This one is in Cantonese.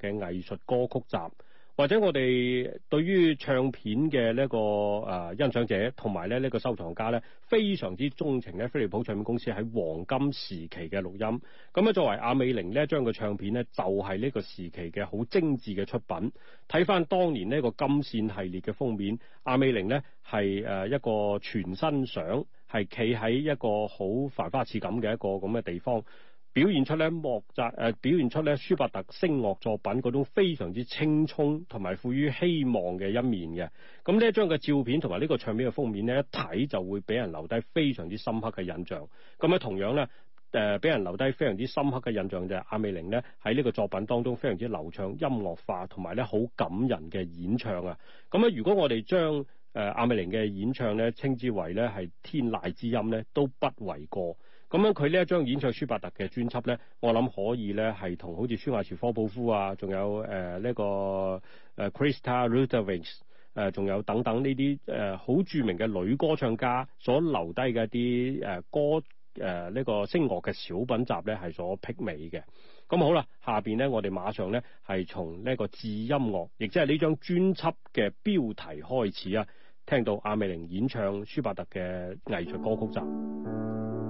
嘅藝術歌曲集，或者我哋對於唱片嘅呢、這個誒、呃、欣賞者同埋咧呢個收藏家咧，非常之鍾情咧。飛利浦唱片公司喺黃金時期嘅錄音，咁咧作為阿美玲呢一張嘅唱片咧，就係呢個時期嘅好精緻嘅出品。睇翻當年呢個金線系列嘅封面，阿美玲呢係誒一個全身相，係企喺一個好繁花似錦嘅一個咁嘅地方。表現出咧莫扎誒表現出咧舒伯特聲樂作品嗰種非常之青葱同埋富於希望嘅一面嘅，咁呢一張嘅照片同埋呢個唱片嘅封面咧一睇就會俾人留低非常之深刻嘅印象。咁咧同樣咧誒俾人留低非常之深刻嘅印象就係阿美玲咧喺呢個作品當中非常之流暢、音樂化同埋咧好感人嘅演唱啊。咁咧如果我哋將誒阿美玲嘅演唱咧稱之為咧係天籟之音咧都不為過。咁樣佢呢一張演唱舒伯特嘅專輯咧，我諗可以咧係同好似舒瓦茨科普夫啊，仲有呢、呃這個 Christa Ludwig，仲有等等呢啲好著名嘅女歌唱家所留低嘅一啲歌呢、呃這個聲樂嘅小品集咧，係所媲美嘅。咁好啦，下面咧我哋馬上咧係從呢個字音樂，亦即係呢張專輯嘅標題開始啊，聽到阿美玲演唱舒伯特嘅藝術歌曲集。